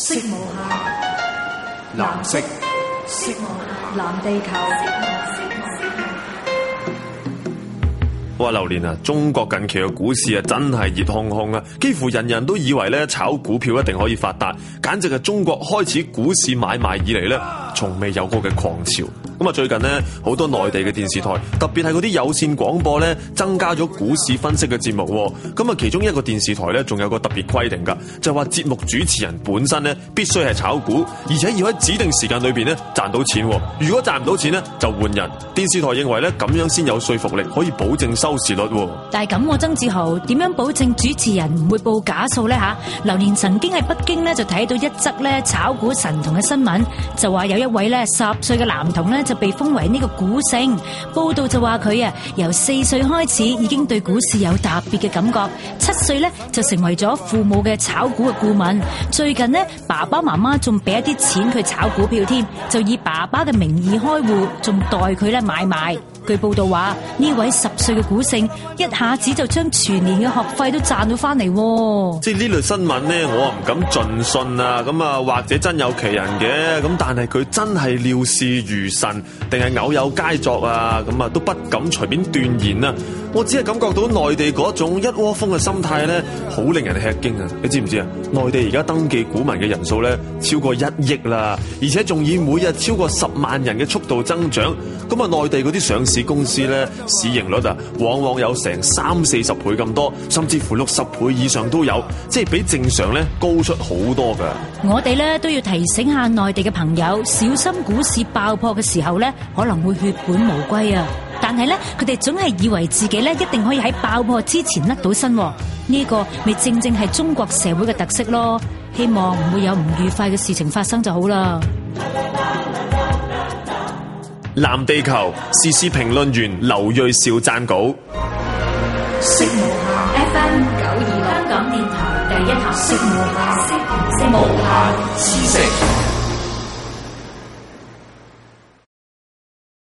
色無限，藍色，色無限，藍地球。哇，流年啊，中國近期嘅股市啊，真係熱烘烘啊！幾乎人人都以為咧炒股票一定可以發達，簡直係中國開始股市買賣以嚟咧，從未有過嘅狂潮。咁啊，最近呢好多內地嘅電視台，特別係嗰啲有線廣播咧，增加咗股市分析嘅節目。咁啊，其中一個電視台咧，仲有個特別規定㗎，就係話節目主持人本身咧必須係炒股，而且要喺指定時間裏面咧賺到錢。如果賺唔到錢咧，就換人。電視台認為咧，咁樣先有說服力，可以保證收視率。但係咁，我曾志豪點樣保證主持人唔會報假數咧嚇？流年曾經喺北京咧就睇到一則咧炒股神童嘅新聞，就話有一位咧十歲嘅男童咧。就被封為呢個股聖。報道就話佢啊，由四歲開始已經對股市有特別嘅感覺，七歲咧就成為咗父母嘅炒股嘅顧問。最近咧，爸爸媽媽仲俾一啲錢佢炒股票添，就以爸爸嘅名義開戶，仲代佢咧買賣。據報道話，呢位十歲嘅股聖一下子就將全年嘅學費都賺到翻嚟。即係呢類新聞咧，我唔敢盡信啊。咁啊，或者真有其人嘅，咁但係佢真係料事如神。定係偶有佳作啊！咁啊，都不敢隨便斷言啊。我只係感覺到內地一種一窩蜂嘅心態咧，好令人吃驚啊！你知唔知啊？內地而家登記股民嘅人數咧超過一億啦，而且仲以每日超過十萬人嘅速度增長。咁啊，內地啲上市公司咧，市盈率啊，往往有成三四十倍咁多，甚至乎六十倍以上都有，即係比正常咧高出好多噶。我哋咧都要提醒下內地嘅朋友，小心股市爆破嘅時候咧，可能會血本無歸啊！但係咧，佢哋總係以為自己。你咧一定可以喺爆破之前甩到身，呢個咪正正係中國社會嘅特色咯。希望唔會有唔愉快嘅事情發生就好啦。藍地球時事評論員劉銳紹撰稿。識無限 FM 九二香港電台第一台識無限識識無限知識。